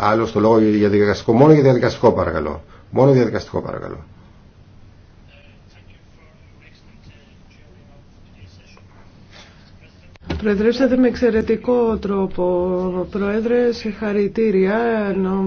άλλο το λόγο για διαδικαστικό. Μόνο για διαδικαστικό παρακαλώ. Μόνο για διαδικαστικό παρακαλώ. Προεδρεύσατε με εξαιρετικό τρόπο. Προέδρε, συγχαρητήρια.